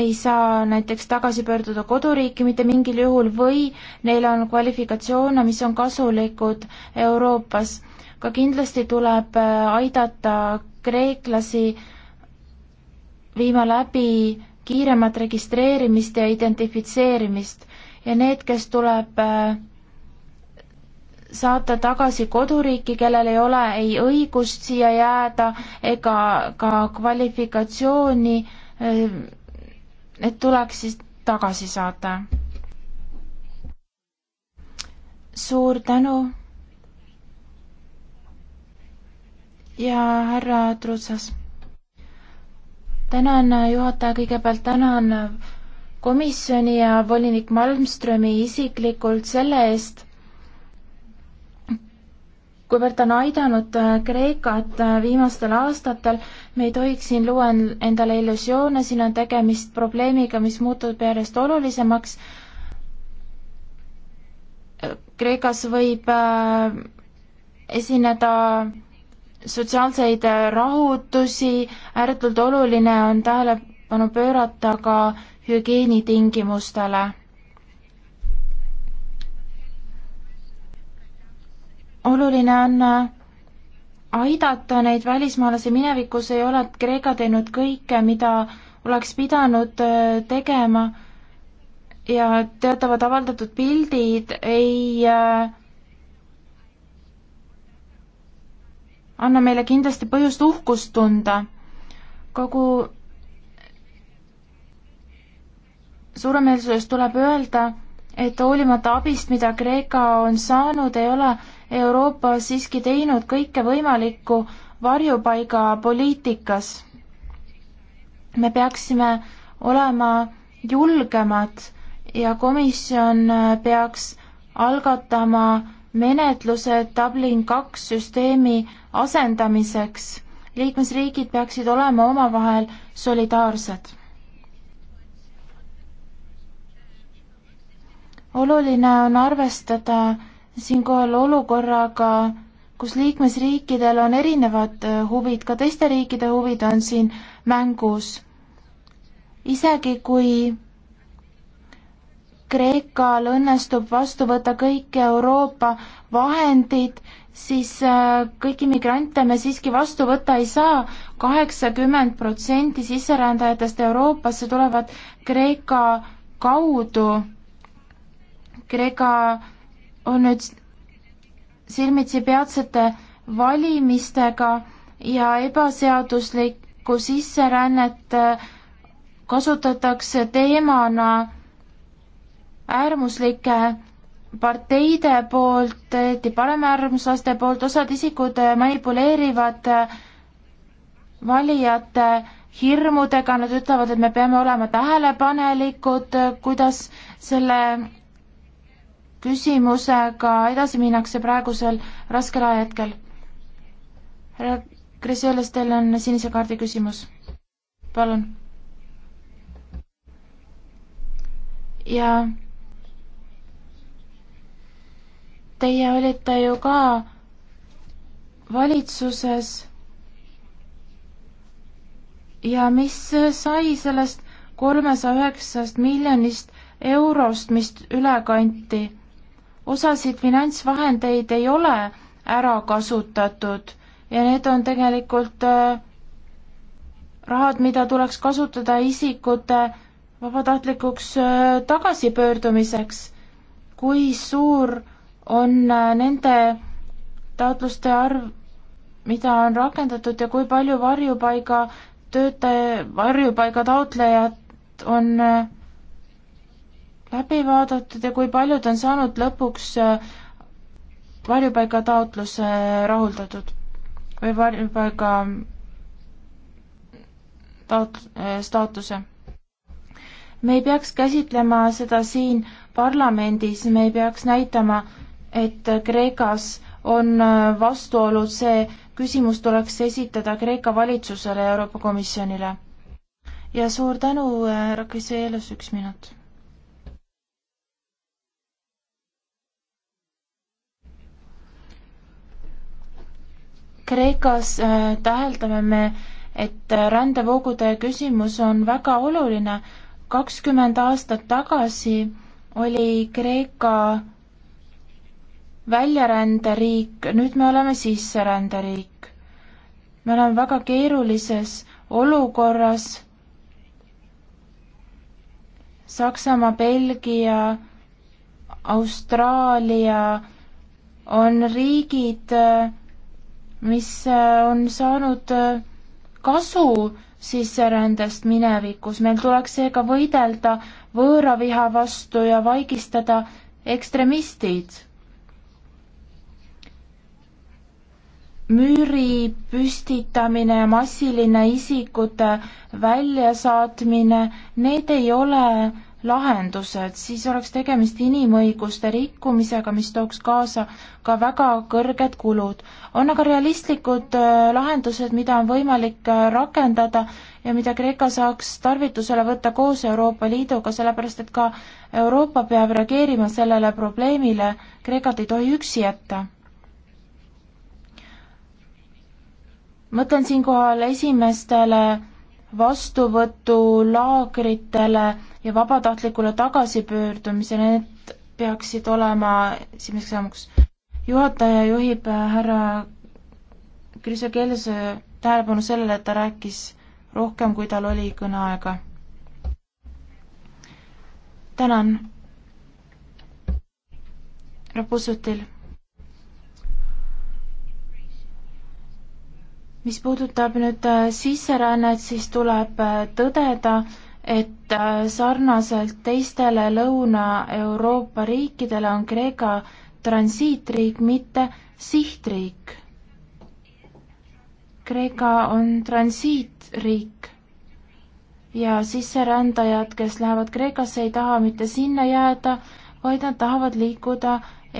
ei saa näiteks tagasi pöörduda koduriiki mitte mingil juhul või neil on kvalifikatsioone, mis on kasulikud Euroopas. ka kindlasti tuleb äh, aidata kreeklasi viima läbi kiiremat registreerimist ja identifitseerimist ja need, kes tuleb äh, saata tagasi koduriiki, kellel ei ole ei õigust siia jääda ega ka kvalifikatsiooni, et tuleks siis tagasi saata. suur tänu. ja härra Trutsas. tänan juhataja, kõigepealt tänan komisjoni ja volinik Malmströmi isiklikult selle eest kuivõrd ta on aidanud äh, Kreekat äh, viimastel aastatel, me ei tohiks siin luua endale illusioone, siin on tegemist probleemiga, mis muutub järjest olulisemaks. Kreekas võib äh, esineda sotsiaalseid rahutusi, ääretult oluline on tähelepanu pöörata ka hügieenitingimustele oluline on äh, aidata neid välismaalasi, minevikus ei ole Kreeka teinud kõike, mida oleks pidanud äh, tegema ja teatavad avaldatud pildid ei äh, anna meile kindlasti põhjust uhkust tunda. kogu suuremeelsusest tuleb öelda, et hoolimata abist, mida Kreeka on saanud, ei ole Euroopa siiski teinud kõike võimalikku varjupaigapoliitikas. me peaksime olema julgemad ja komisjon peaks algatama menetluse Dublin kaks süsteemi asendamiseks. liikmesriigid peaksid olema omavahel solidaarsed oluline on arvestada siinkohal olukorraga, kus liikmesriikidel on erinevad äh, huvid, ka teiste riikide huvid on siin mängus. isegi kui Kreekal õnnestub vastu võtta kõik Euroopa vahendid, siis äh, kõiki migrante me siiski vastu võtta ei saa. kaheksakümmend protsenti sisserändajatest Euroopasse tulevad Kreeka kaudu Kreeka on nüüd silmitsi peatsete valimistega ja ebaseaduslikku sisserännet äh, kasutatakse teemana äärmuslike parteide poolt, eriti paremäärmuslaste poolt, osad isikud äh, manipuleerivad äh, valijate hirmudega, nad ütlevad, et me peame olema tähelepanelikud, kuidas selle küsimusega edasi minnakse praegusel raskel ajahetkel. härra Krisiolis, teil on sinise kaardi küsimus. palun. ja teie olite ju ka valitsuses ja mis sai sellest kolmesaja üheksast miljonist eurost, mis üle kanti osasid finantsvahendeid ei ole ära kasutatud ja need on tegelikult äh, rahad, mida tuleks kasutada isikute vabatahtlikuks äh, tagasipöördumiseks. kui suur on äh, nende taotluste arv, mida on rakendatud ja kui palju varjupaiga töötaja, varjupaiga taotlejad on läbi vaadatud ja kui paljud on saanud lõpuks äh, varjupaigataotluse äh, rahuldatud või varjupaiga taot-, äh, staatuse? me ei peaks käsitlema seda siin parlamendis, me ei peaks näitama, et Kreekas on vastuolud, see küsimus tuleks esitada Kreeka valitsusele ja Euroopa Komisjonile. ja suur tänu, härra Kriseelus, üks minut Kreekas äh, täheldame me, et rändevoogude küsimus on väga oluline. kakskümmend aastat tagasi oli Kreeka väljaränderiik, nüüd me oleme sisseränderiik. me oleme väga keerulises olukorras. Saksamaa, Belgia, Austraalia on riigid, äh, mis äh, on saanud äh, kasu sisserändest minevikus, meil tuleks seega võidelda võõraviha vastu ja vaigistada ekstremistid. müüri püstitamine ja massiline isikute väljasaatmine, need ei ole lahendused, siis oleks tegemist inimõiguste rikkumisega, mis tooks kaasa ka väga kõrged kulud. on aga realistlikud äh, lahendused, mida on võimalik äh, rakendada ja mida Kreeka saaks tarvitusele võtta koos Euroopa Liiduga, sellepärast et ka Euroopa peab reageerima sellele probleemile, Kreekat ei tohi üksi jätta. mõtlen siinkohal esimestele vastuvõtulaagritele ja vabatahtlikule tagasipöördumisele, need peaksid olema esimeseks sammuks. juhataja juhib härra Kriso Kelse tähelepanu sellele, et ta rääkis rohkem, kui tal oli kõneaega. tänan. Rapusutil mis puudutab nüüd äh, sisserännet, siis tuleb äh, tõdeda, et äh, sarnaselt teistele Lõuna-Euroopa riikidele on Kreeka transiitriik, mitte sihtriik. Kreeka on transiitriik ja sisserändajad, kes lähevad Kreekasse, ei taha mitte sinna jääda, vaid nad tahavad liikuda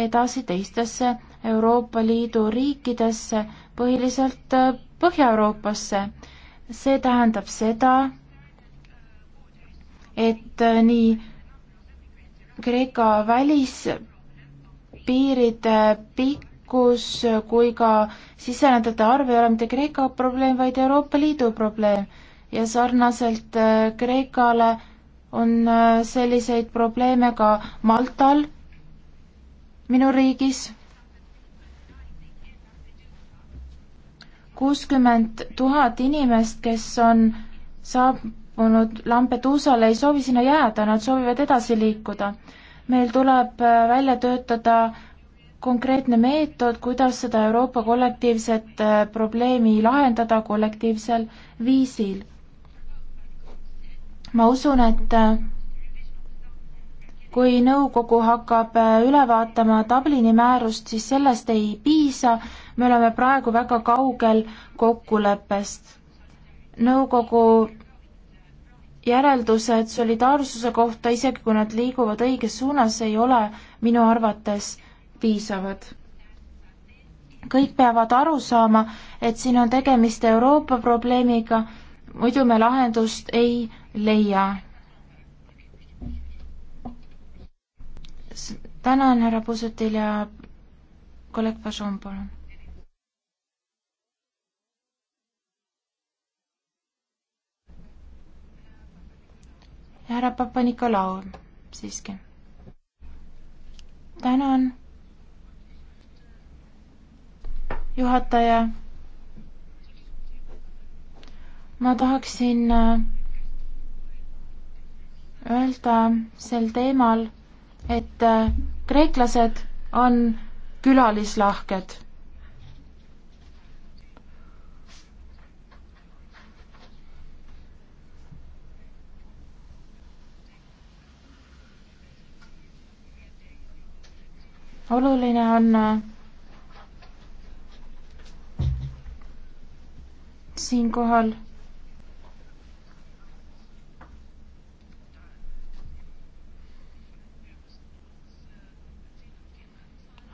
edasi teistesse Euroopa Liidu riikidesse, põhiliselt Põhja-Euroopasse. see tähendab seda, et äh, nii Kreeka välispiiride pikkus kui ka sisenejate arv ei ole mitte Kreeka probleem, vaid Euroopa Liidu probleem ja sarnaselt äh, Kreekale on äh, selliseid probleeme ka Maltal, minu riigis kuuskümmend tuhat inimest, kes on saabunud Lampeduusale, ei soovi sinna jääda, nad soovivad edasi liikuda. meil tuleb äh, välja töötada konkreetne meetod, kuidas seda Euroopa kollektiivset äh, probleemi lahendada kollektiivsel viisil. ma usun, et äh, kui nõukogu hakkab äh, üle vaatama Dublini määrust, siis sellest ei piisa, me oleme praegu väga kaugel kokkuleppest. nõukogu järeldused solidaarsuse kohta, isegi kui nad liiguvad õiges suunas, ei ole minu arvates piisavad. kõik peavad aru saama, et siin on tegemist Euroopa probleemiga, muidu me lahendust ei leia tänan, härra Pusutil ja kolleeg Pašon, palun. härra Papa-Nikolau siiski. tänan, juhataja. ma tahaksin äh, öelda sel teemal et äh, kreeklased on külalislahked. oluline on äh, siinkohal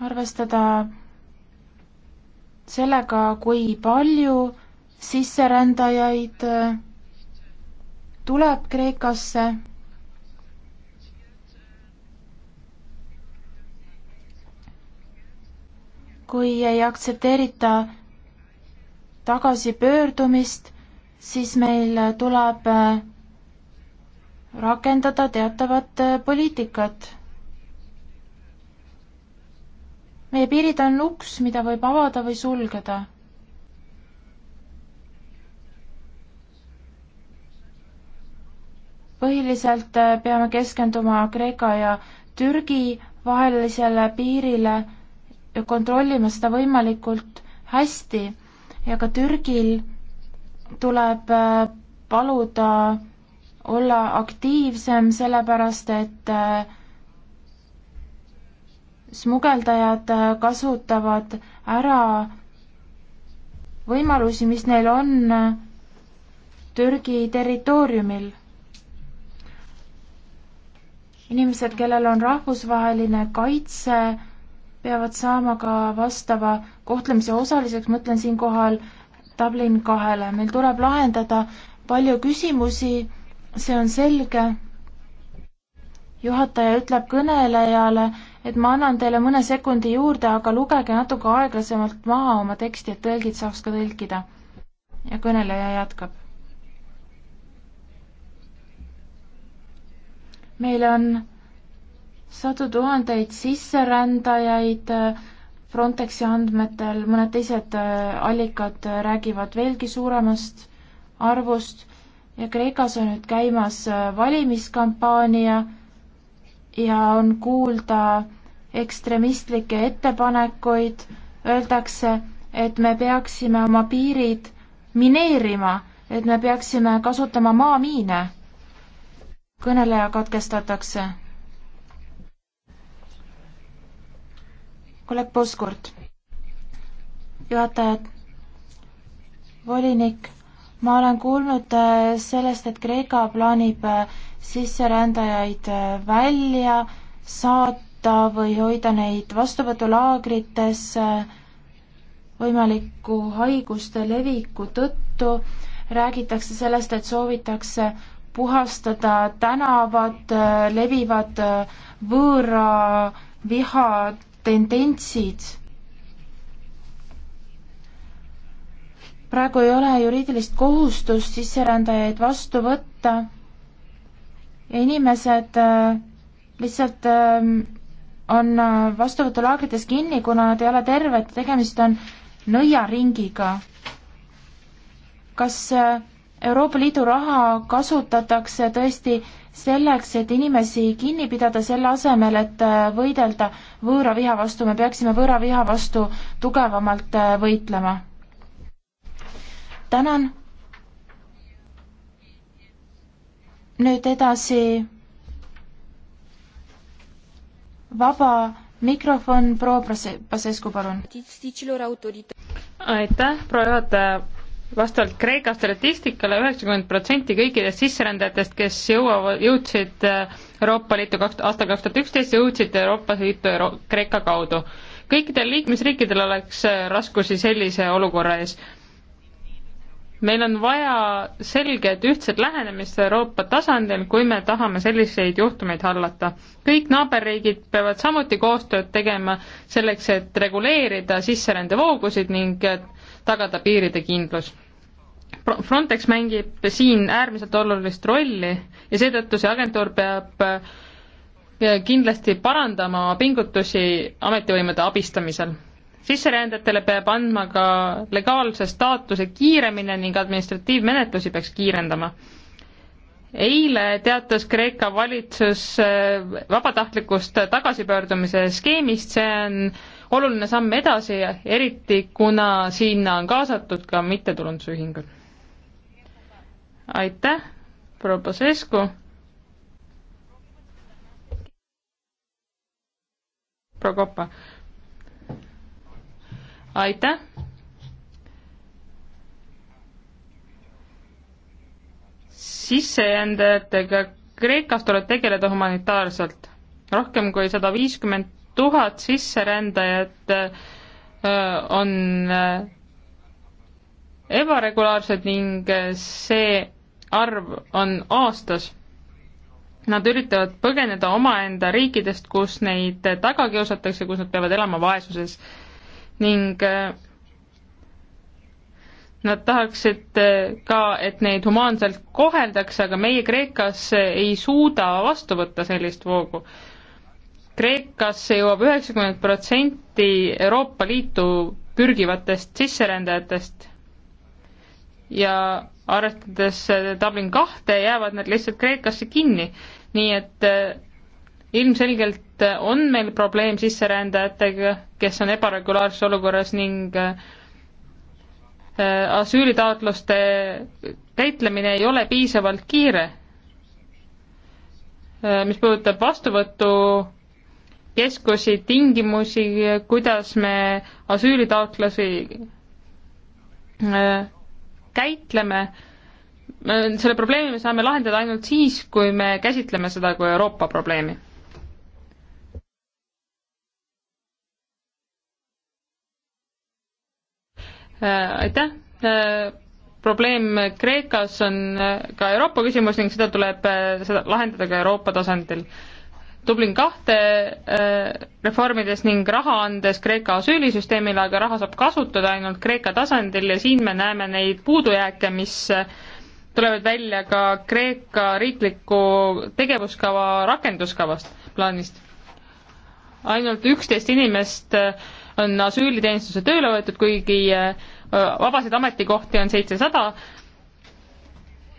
arvestada sellega, kui palju sisserändajaid äh, tuleb Kreekasse. kui ei aktsepteerita tagasipöördumist, siis meil tuleb äh, rakendada teatavat äh, poliitikat meie piirid on uks, mida võib avada või sulgeda. põhiliselt äh, peame keskenduma Kreeka ja Türgi vahelisele piirile ja kontrollima seda võimalikult hästi ja ka Türgil tuleb äh, paluda olla aktiivsem, sellepärast et äh, smugeldajad äh, kasutavad ära võimalusi, mis neil on äh, Türgi territooriumil. inimesed, kellel on rahvusvaheline kaitse, peavad saama ka vastava kohtlemise osaliseks, mõtlen siinkohal Dublin kahele. meil tuleb lahendada palju küsimusi, see on selge. juhataja ütleb kõnelejale, et ma annan teile mõne sekundi juurde, aga lugege natuke aeglasemalt maha oma teksti, et tõlgid saaks ka tõlkida. ja kõneleja jätkab. meil on sadu tuhandeid sisserändajaid äh, Frontexi andmetel, mõned teised äh, allikad äh, räägivad veelgi suuremast arvust ja Kreekas on nüüd käimas valimiskampaania ja on kuulda ekstremistlikke ettepanekuid, öeldakse, et me peaksime oma piirid mineerima, et me peaksime kasutama maamiine. kõneleja katkestatakse. kolleeg Poskurt, juhatajad, volinik, ma olen kuulnud äh, sellest, et Kreeka plaanib äh, sisserändajaid äh, välja saata, võtta või hoida neid vastuvõtulaagrites äh, võimaliku haiguste leviku tõttu. räägitakse sellest, et soovitakse puhastada tänavad, äh, levivad äh, võõra viha tendentsid. praegu ei ole juriidilist kohustust sisserändajaid vastu võtta ja inimesed lihtsalt ähm, on äh, vastuvõtulaagrites kinni, kuna nad ei ole terved, tegemist on nõiaringiga. kas äh, Euroopa Liidu raha kasutatakse tõesti selleks, et inimesi kinni pidada, selle asemel, et äh, võidelda võõra viha vastu, me peaksime võõra viha vastu tugevamalt võitlema. tänan. nüüd edasi vaba mikrofon, proua Pasescu, palun. aitäh, proua juhataja. vastavalt Kreeka statistikale üheksakümmend protsenti kõikidest sisserändajatest, kes jõuavad, jõudsid äh, Euroopa Liitu kaks, aastal kaks tuhat üksteist, jõudsid Euroopa Liitu Euro Kreeka kaudu. kõikidel liikmesriikidel oleks äh, raskusi sellise olukorra ees meil on vaja selget ühtset lähenemist Euroopa tasandil, kui me tahame selliseid juhtumeid hallata. kõik naaberriigid peavad samuti koostööd tegema selleks, et reguleerida sisserändevoogusid ning tagada piiride kindlus. Frontex mängib siin äärmiselt olulist rolli ja seetõttu see agentuur peab eh, kindlasti parandama pingutusi ametivõimude abistamisel sisserändajatele peab andma ka legaalse staatuse kiiremini ning administratiivmenetlusi peaks kiirendama. eile teatas Kreeka valitsus äh, vabatahtlikust tagasipöördumise skeemist, see on oluline samm edasi, eriti kuna sinna on kaasatud ka mittetulundusühingud. aitäh, proua Pasescu. proua Koppa aitäh! sisserändajatega Kreekast tuleb tegeleda humanitaarselt. rohkem kui sada viiskümmend tuhat sisserändajat äh, on äh, ebaregulaarsed ning äh, see arv on aastas. Nad üritavad põgeneda omaenda riikidest, kus neid taga kiusatakse, kus nad peavad elama vaesuses ning äh, nad tahaksid äh, ka, et neid humaanselt koheldakse, aga meie Kreekas äh, ei suuda vastu võtta sellist voogu. Kreekasse jõuab üheksakümmend protsenti Euroopa Liitu pürgivatest sisserändajatest ja arvestades Dublin kahte, jäävad nad lihtsalt Kreekasse kinni. nii et ilmselgelt on meil probleem sisserändajatega, kes on ebaregulaarses olukorras ning äh, asüülitaotluste käitlemine ei ole piisavalt kiire. Äh, mis puudutab vastuvõtukeskusi, tingimusi, kuidas me asüülitaotlusi äh, käitleme, selle probleemi me saame lahendada ainult siis, kui me käsitleme seda kui Euroopa probleemi. Äh, aitäh, äh, probleem Kreekas on äh, ka Euroopa küsimus ning seda tuleb seda lahendada ka Euroopa tasandil. Dublin kahte reformides ning raha andes Kreeka asüülisüsteemile, aga raha saab kasutada ainult Kreeka tasandil ja siin me näeme neid puudujääke, mis tulevad välja ka Kreeka riikliku tegevuskava rakenduskavast, plaanist. ainult üksteist inimest äh, on asüüliteenistuse tööle võetud, kuigi äh, vabasid ametikohti on seitsesada.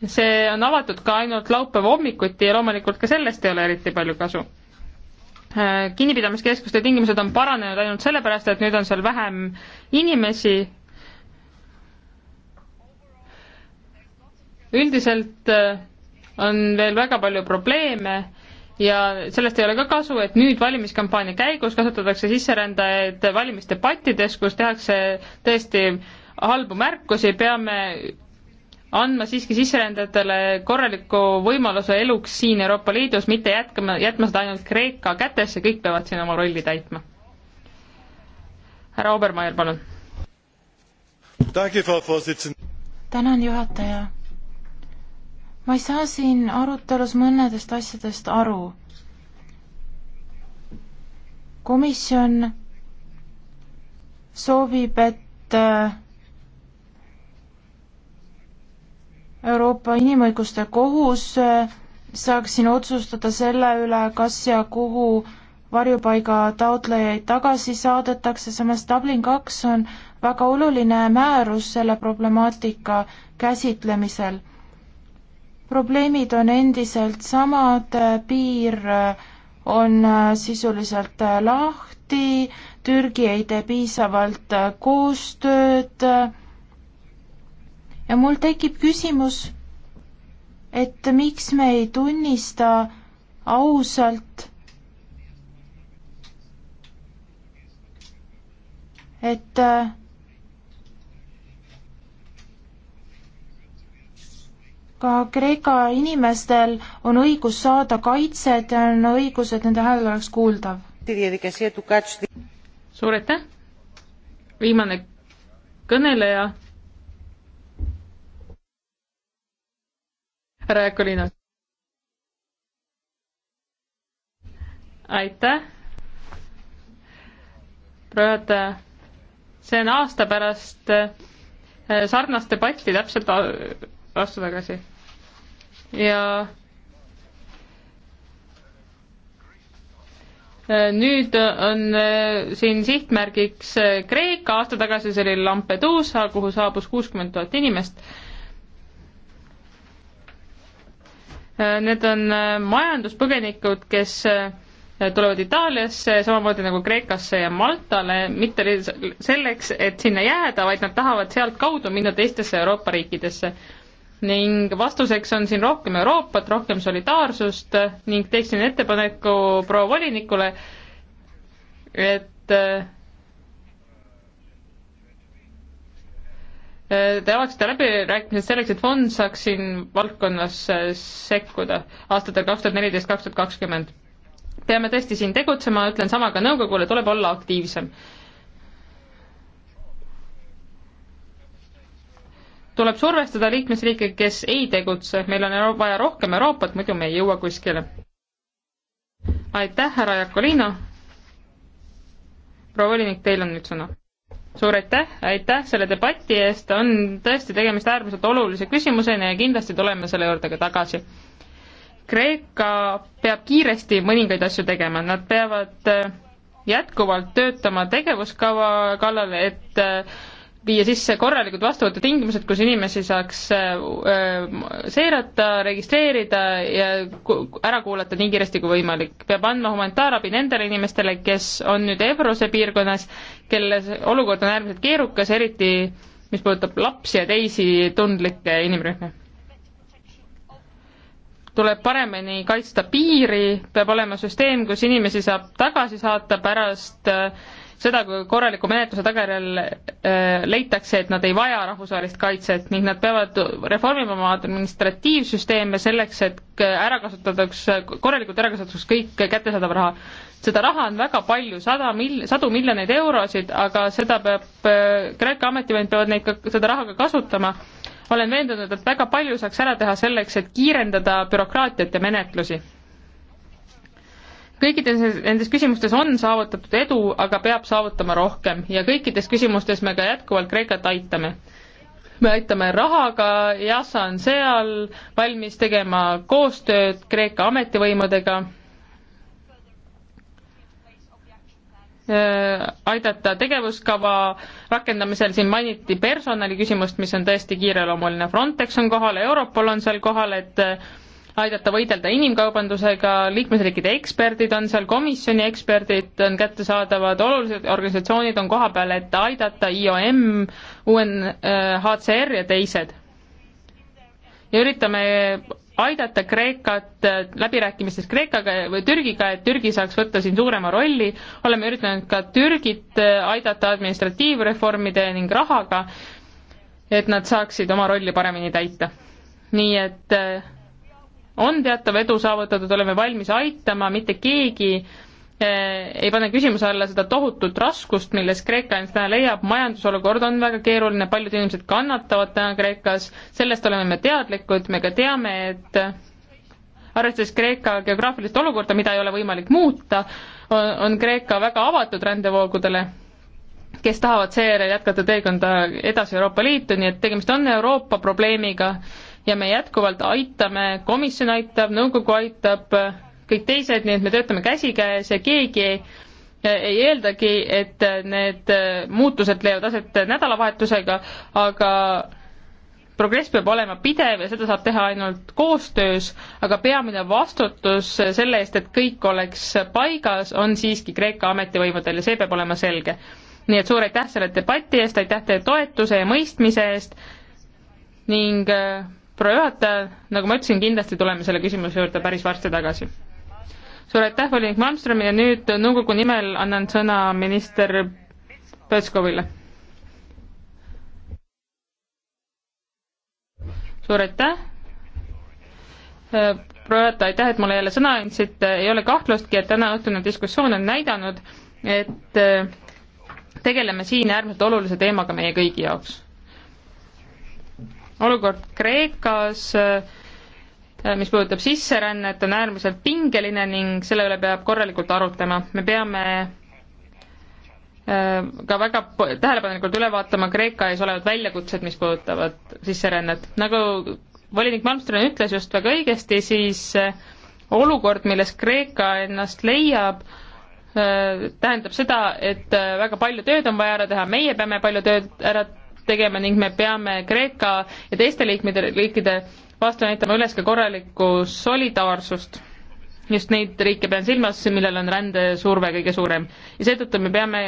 see on avatud ka ainult laupäeva hommikuti ja loomulikult ka sellest ei ole eriti palju kasu. Äh, kinnipidamiskeskuste tingimused on paranenud ainult sellepärast, et nüüd on seal vähem inimesi. üldiselt äh, on veel väga palju probleeme ja sellest ei ole ka kasu, et nüüd valimiskampaania käigus kasutatakse sisserändajaid valimisdebattides, kus tehakse tõesti halbu märkusi, peame andma siiski sisserändajatele korraliku võimaluse eluks siin Euroopa Liidus, mitte jätkama, jätma seda ainult Kreeka kätesse, kõik peavad siin oma rolli täitma. härra Obermeier, palun. tänan, juhataja ma ei saa siin arutelus mõnedest asjadest aru. komisjon soovib, et äh, Euroopa Inimõiguste Kohus äh, saaks siin otsustada selle üle, kas ja kuhu varjupaiga taotlejaid tagasi saadetakse, samas Dublin kaks on väga oluline määrus selle problemaatika käsitlemisel probleemid on endiselt samad, piir äh, on äh, sisuliselt äh, lahti, Türgi ei tee piisavalt koostööd ja mul tekib küsimus, et miks me ei tunnista ausalt, et äh, ka Kreeka inimestel on õigus saada kaitset ja on õigus, et nende hääl oleks kuuldav. suur aitäh! viimane kõneleja. härra Jakolino. aitäh! proua juhataja, see on aasta pärast eh, sarnast debatti täpselt vastu tagasi. ja äh, nüüd on äh, siin sihtmärgiks äh, Kreeka, aasta tagasi see oli Lampeduusa, kuhu saabus kuuskümmend tuhat inimest. Need on majanduspõgenikud, kes tulevad Itaaliasse, samamoodi nagu Kreekasse ja Maltale, mitte selleks, et sinna jääda, vaid nad tahavad sealtkaudu minna teistesse Euroopa riikidesse ning vastuseks on siin rohkem Euroopat, rohkem solidaarsust ning teeksin ettepaneku proua volinikule, et eh, Te avaksite läbirääkimised selleks, et fond saaks siin valdkonnas eh, sekkuda aastatel kaks tuhat neliteist, kaks tuhat kakskümmend. peame tõesti siin tegutsema, ütlen sama ka nõukogule, tuleb olla aktiivsem tuleb survestada liikmesriike, kes ei tegutse, meil on Euro vaja rohkem Euroopat, muidu me ei jõua kuskile. aitäh, härra Jakolino. proua volinik, teil on nüüd sõna. suur aitäh, aitäh selle debati eest, on tõesti tegemist äärmiselt olulise küsimusena ja kindlasti tuleme selle juurde ka tagasi. Kreeka peab kiiresti mõningaid asju tegema, nad peavad äh, jätkuvalt töötama tegevuskava kallal, et äh, viia sisse korralikud vastuvõtutingimused, kus inimesi saaks äh, äh, seirata, registreerida ja ära kuulata nii kiiresti kui võimalik. peab andma humanitaarabi nendele inimestele, kes on nüüd Ebrose piirkonnas, kelle olukord on äärmiselt keerukas, eriti mis puudutab lapsi ja teisi tundlikke inimrühmi. tuleb paremini kaitsta piiri, peab olema süsteem, kus inimesi saab tagasi saata pärast äh, seda, kui korraliku menetluse tagajärjel äh, leitakse, et nad ei vaja rahvusvahelist kaitset ning nad peavad reformima oma administratiivsüsteeme selleks, et ära kasutataks, korralikult ära kasutataks kõik kättesaadav raha. seda raha on väga palju, sada mil-, sadu miljoneid eurosid, aga seda peab, äh, Kreeka ametivõimed peavad neid ka, seda raha ka kasutama. olen veendunud, et väga palju saaks ära teha selleks, et kiirendada bürokraatiat ja menetlusi kõikides nendes küsimustes on saavutatud edu, aga peab saavutama rohkem ja kõikides küsimustes me ka jätkuvalt Kreekat aitame. me aitame rahaga, JASA on seal valmis tegema koostööd Kreeka ametivõimudega, äh, aidata tegevuskava rakendamisel, siin mainiti personali küsimust, mis on tõesti kiireloomuline, Frontex on kohal, Europol on seal kohal, et äh, aidata võidelda inimkaubandusega, liikmesriikide eksperdid on seal, komisjoni eksperdid on kättesaadavad, olulised organisatsioonid on kohapeal, et aidata IOM, UNHCR ja teised. ja üritame aidata Kreekat äh, läbirääkimistes Kreekaga või Türgiga, et Türgi saaks võtta siin suurema rolli, oleme üritanud ka Türgit äh, aidata administratiivreformide ning rahaga, et nad saaksid oma rolli paremini täita. nii et äh, on teatav edu saavutatud, oleme valmis aitama, mitte keegi eh, ei pane küsimuse alla seda tohutut raskust, milles Kreeka end täna leiab, majandusolukord on väga keeruline, paljud inimesed kannatavad täna Kreekas, sellest oleme me teadlikud, me ka teame, et arvestades Kreeka geograafilist olukorda, mida ei ole võimalik muuta, on Kreeka väga avatud rändevoogudele, kes tahavad seejärel jätkata teekonda edasi Euroopa Liitu, nii et tegemist on Euroopa probleemiga ja me jätkuvalt aitame, komisjon aitab, nõukogu aitab, kõik teised, nii et me töötame käsikäes ja keegi ei, ei eeldagi, et need muutused leiavad aset nädalavahetusega, aga progress peab olema pidev ja seda saab teha ainult koostöös, aga peamine vastutus selle eest, et kõik oleks paigas, on siiski Kreeka ametivõimudel ja see peab olema selge. nii et suur aitäh selle debati eest, aitäh teie toetuse ja mõistmise eest ning äh, proua juhataja, nagu ma ütlesin, kindlasti tuleme selle küsimuse juurde päris varsti tagasi. suur aitäh, volinik Malmström ja nüüd nõukogu nimel annan sõna minister Petskovile. suur aitäh Projata, aitäh, et mulle jälle sõna andsid, ei ole kahtlustki, et tänaõhtune diskussioon on näidanud, et tegeleme siin äärmiselt olulise teemaga meie kõigi jaoks olukord Kreekas, äh, mis puudutab sisserännet, on äärmiselt pingeline ning selle üle peab korralikult arutlema. me peame äh, ka väga tähelepanelikult üle vaatama Kreeka ees olevad väljakutsed, mis puudutavad sisserännet. nagu volinik Malmström ütles just väga õigesti, siis äh, olukord, milles Kreeka ennast leiab, tähendab seda, et väga palju tööd on vaja ära teha, meie peame palju tööd ära tegema ning me peame Kreeka ja teiste liikmete, riikide vastu näitama üles ka korralikku solidaarsust. just neid riike pean silmas, millel on rändesurve kõige suurem ja seetõttu me peame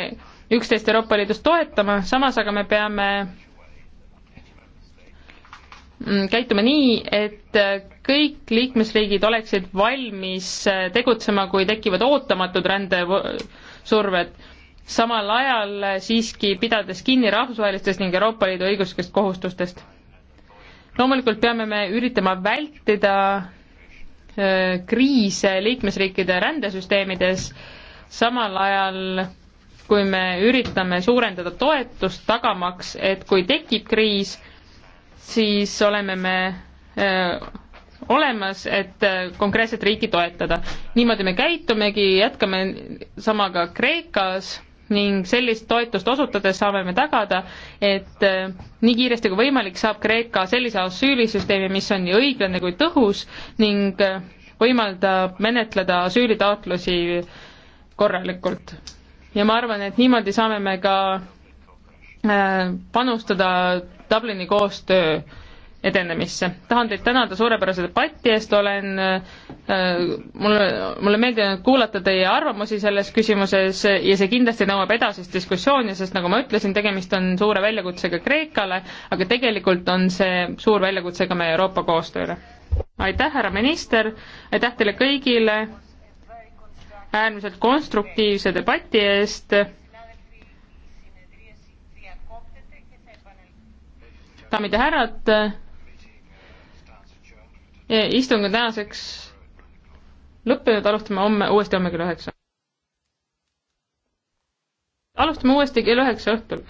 üksteist Euroopa Liidus toetama, samas aga me peame mm, käituma nii, et kõik liikmesriigid oleksid valmis tegutsema, kui tekivad ootamatud rändesurved samal ajal siiski pidades kinni rahvusvahelistest ning Euroopa Liidu õiguslikest kohustustest. loomulikult peame me üritama vältida äh, kriise liikmesriikide rändesüsteemides, samal ajal kui me üritame suurendada toetust, tagamaks, et kui tekib kriis, siis oleme me öö, äh, olemas, et äh, konkreetset riiki toetada. niimoodi me käitumegi, jätkame sama ka Kreekas ning sellist toetust osutades saame me tagada, et äh, nii kiiresti kui võimalik saab Kreeka sellise asüülisüsteemi, mis on nii õiglane kui tõhus ning äh, võimaldab menetleda asüülitaotlusi korralikult. ja ma arvan, et niimoodi saame me ka äh, panustada Dublini koostöö edenemisse. tahan teid tänada suurepärase debati eest, olen äh, mulle, mulle meeldinud kuulata teie arvamusi selles küsimuses ja see kindlasti nõuab edasist diskussiooni, sest nagu ma ütlesin, tegemist on suure väljakutsega Kreekale, aga tegelikult on see suur väljakutse ka meie Euroopa koostööle. aitäh, härra minister, aitäh teile kõigile äärmiselt konstruktiivse debati eest daamid ja härrad, istung on tänaseks lõppenud, alustame homme uuesti homme kell üheksa. alustame uuesti kell üheksa õhtul